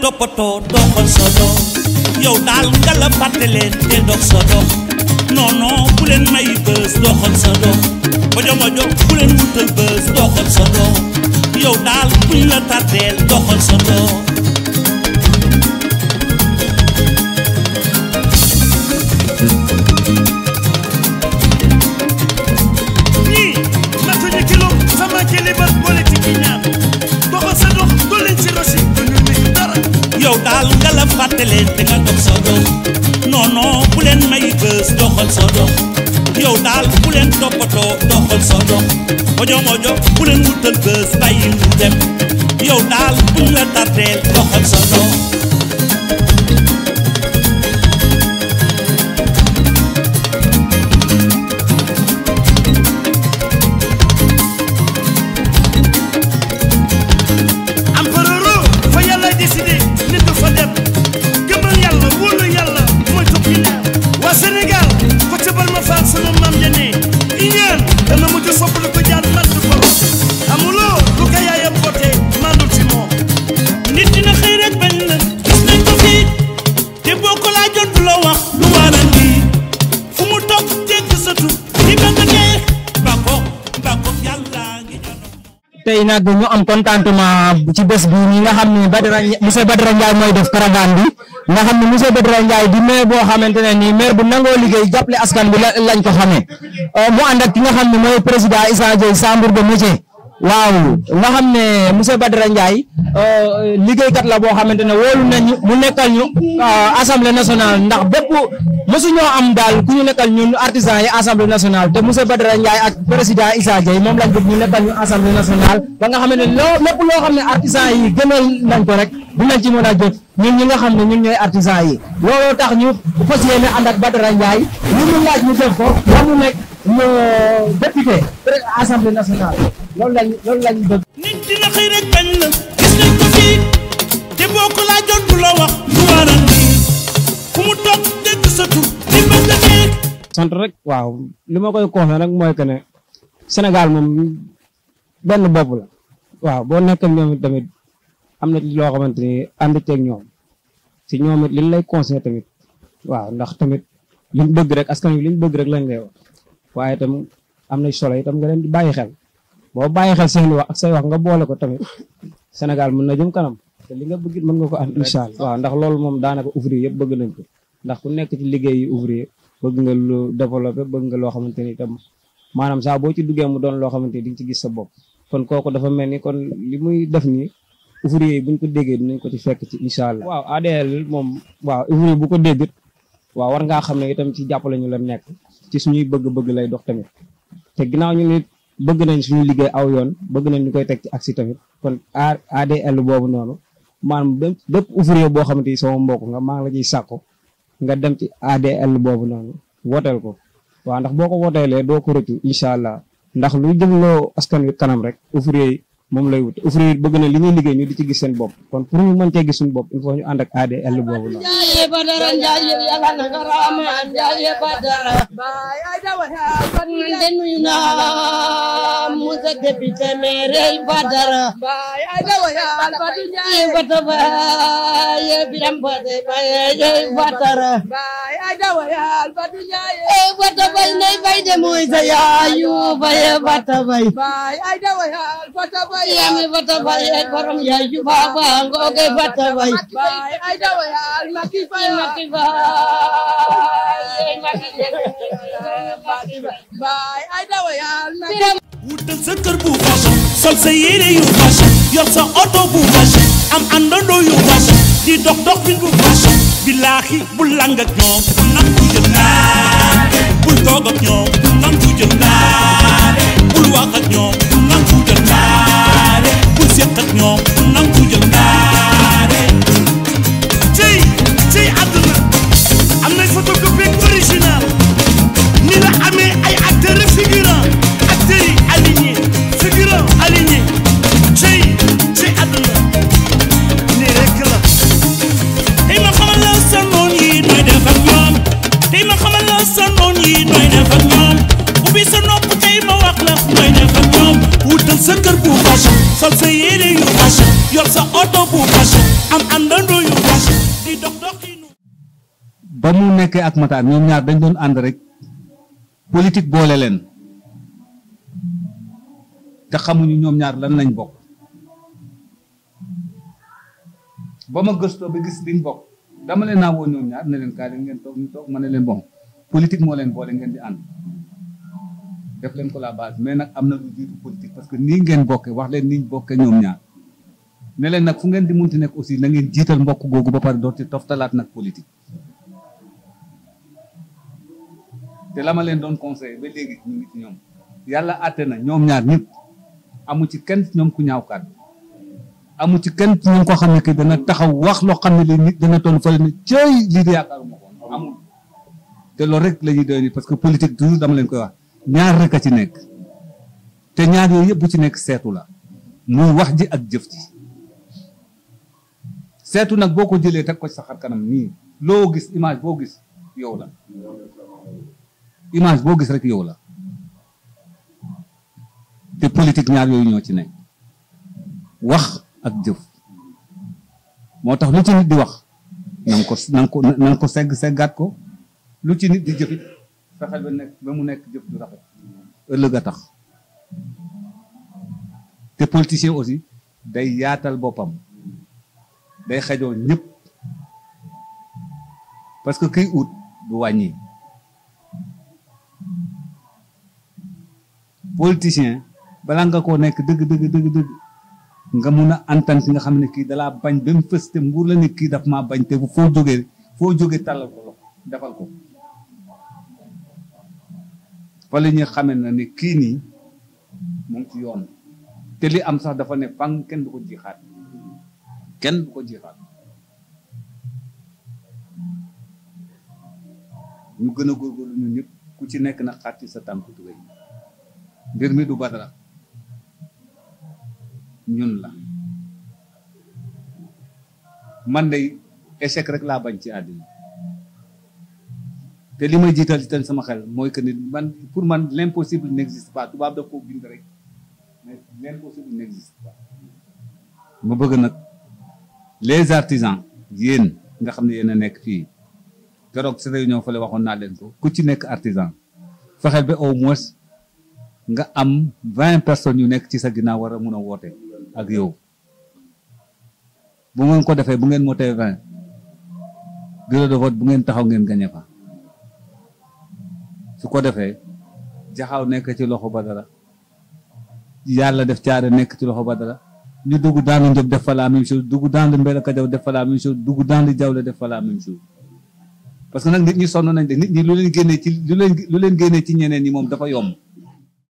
toppatoo doxal sa dox yow daal nga la fàtte leen te dox sa dox non non bu leen may bës doxal sa dox mojo mojo bu leen wutal bës doxal sa daal buñ la tàddeel doxal la fàtte leen te nga dox sa dox non non bu leen bës doxal sa dox yow daal bu leen toppatoo doxal sa dox mojo mojo bu leen bës bàyyi mu dem yow daal bu la tardeel doxal sa tey nag ñu am contentement ci bés bi ñi nga xam ne Badara monsieur Badara Ndiaye mooy def caravane bi nga xam ne monsieur Badara Ndiaye di maire boo xamante ne nii maire bu nangoo liggéey jàppale askan bi lañ ko xamee euh, mu ànd ak nga xam ne mooy président Issa Dieye chambre de métier waaw nga xam ne monsieur Badara Ndiaye euh, kat la boo xamante ne wóolu nañu mu nekkal ñu euh, assemblée nationale ndax bépp mosu ñoo am daal ku ñu nekkal ñun artisans yi assemblée nationale te monsieur Badara Ndiaye ak président Issa Diaye moom lañ bëgg ñu nekkal ñu assemblée nationale ba nga xam ne loo lépp loo xam ne artisans yi gënal nañ ko rek dinañ ci moon a jot ñun ñi nga xam ne ñun ñooy artisans yi looloo tax ñu fas yéene ànd ak Badara Ndiaye lu mu laaj ñu def ko ba nekk. nos députés loolu lañ loolu lañ dina xëy rek bañ la gis nañ ko fii te boo ko laajoon la wax lu waral lii fu mu toog dégg sa tur li na nekk. sant rek waaw li ma koy conseillé rek mooy que ne Sénégal moom benn bopp la waaw boo nekk ñoom tamit am na ci loo xamante ni ànd ceeg ñoom si ñoom it lay conseillé tamit waaw ndax tamit liñ bëgg rek askan wi liñ bëgg rek lañ lay wax. waaye tamit am na solo itam nga leen di bàyyi xel boo bàyyi xel seen wax ak say wax nga boole ko tamit Sénégal mun na jëm kanam te li nga bëgg mën nga ko am incha allah waaw ndax loolu moom daanaka ouvrier yëpp bëgg nañ ko ndax ku nekk ci liggéeyu ouvrier bëgg nga lu développé bëgg nga loo xamante ni itam maanaam saa boo ci duggee mu doon loo xamante ni di nga ci gis sa bopp kon kooku dafa mel ni kon li muy def nii ouvrier yi buñ ko déggee dinañ ko ci fekk ci incha allah waaw ADL moom waaw ouvrier bu ko déggat waaw war ngaa xam ne itam ci jàppale ñu la nekk ci suñuy bëgg-bëgg lay dox tamit te ginaaw ñu nit bëgg nañ suñu liggéey aw yoon bëgg nañ ñu koy teg ci aksi tamit kon ADL boobu noonu maanaam bépp ouvrier boo xamante ni sama mbokk nga maa ngi la ciy sàkku nga dem ci ADL boobu noonu wooteel ko waa ndax boo ko wooteelee doo ko rëccu incha allah ndax lu luy loo askan wi kanam rek ouvrier moom lay wut ouvrier bëgg na li ñuy liggéey ñu di ci gis seen bopp kon pour ñu mën cee gis suñu bopp il faut ñu ànd ak ADL boobu la njaaye badara njaaye yàlla na nga raama njaaye badara ba yaay dawa sa député meereel Badara ye bata baaye biram bate baaye ye Badara bata bay nay bay de mooy sa yaayu baye bata bay yami bata bay ye ngooge bata bay maki bay maki bay maki bay kër bu fashion sol sa yére yu fashion yor sa oto bu fashion am àndandoo yu fashion di dox dox bin bu fashion billaahi bu lang ak ñoom nangu jëndaate bul toog ak ñoom nangu jëndaate bul wax ak ñoom nangu jëndaate bul seet ak ñoom sa kër ba mu nekkee ak Matar ñoom ñaar dañ doon ànd rek politique boole leen te xamuñu ñoom ñaar lan lañ bokk ba ma gëstoo ba gis liñ bokk dama leen naa woo ñoom ñaar ne leen kaa leen ngeen toog ñu ma ne leen bon politique moo leen boole ngeen di ànd def leen ko la base mais nag am na lu jiitu politique parce que nii ngeen bokkee wax leen niñ bokkee ñoom ñaar ne leen nag fu ngeen di munti nekk aussi na ngeen jiital mbokk googu ba pare doot ci toftalaat nag politique. te la ma leen doon conseillé ba léegi ñu ngi ci ñoom yàlla àtte na ñoom ñaar ñëpp amu ci kenn ñoom ku ñaaw kàddu amu ci kenn ci ñoom koo xam ne que dana taxaw wax loo xam ne li nit dana toll fële ne cëy lii de yaakaaruma ko amul te loolu rek la ñuy doy nii dama leen koy wax. ñaar rek a ci nekk te ñaar yooyu yëpp bu ci nekk seetu la muy wax ji ak jëf ji seetu nag boo ko jëlee teg ko ci sa kanam nii loo gis image boo gis yow la image boo gis rek yow la te politique ñaar yooyu ñoo ci nekk wax ak jëf moo tax lu ci nit di wax na ko na nga ko ko segg seggaat ko lu ci nit di jëfit fexeel ba nekk ba mu nekk jëf du rafet ëllëg a tax te politicien aussi day yaatal boppam day xajoo ñépp parce que kiy ut du wàññi politicien balaa nga koo nekk dëgg dëgg dëgg dëgg nga mun a antan si nga xam ne kii dalaa bañ ba mu fës te mbuur la ne kii daf maa bañ te foo jógee foo jógee tàllal ko loxo defal ko fa la ñuy na ne kii nii mu ngi ci yoon te li am sax dafa ne fang kenn du ko jixaat kenn du ko jiixaat ñu gën a góorgóorlu ñun ñëpp ku ci nekk na xàtti sa tànk tubéy mbir mi du badara ñun la man de échec rek laa bañ ci àddina te li may jiital itam sama xel mooy que nit man pour man l' impossible n' existe pas tubaab daf koo bind rek mais l' ma bëgg nag les artisans yéen nga xam ne yéen a nekk fii keroog sa réunion fële waxoon naa leen ko ku ci nekk artisan fexeel ba au moins nga am vingt personnes yu nekk ci sa ginnaaw war a mun a woote ak yow bu ngeen ko defee bu ngeen mootee vingt bureau de vote bu ngeen taxaw ngeen gañe fa su ko defee jaxaw nekk ci loxo Badara yàlla def caada nekk ci loxo Badara ñu dugg dans le Ndiob def fa la même chose dugg dans le Mbéla Kajaw def fa la même chose dugg dans le Jawle def fa la même parce que nag nit ñi sonn nañ de nit ñi lu leen génnee ci lu leen lu leen génnee ci ñeneen ñi moom dafa yomb.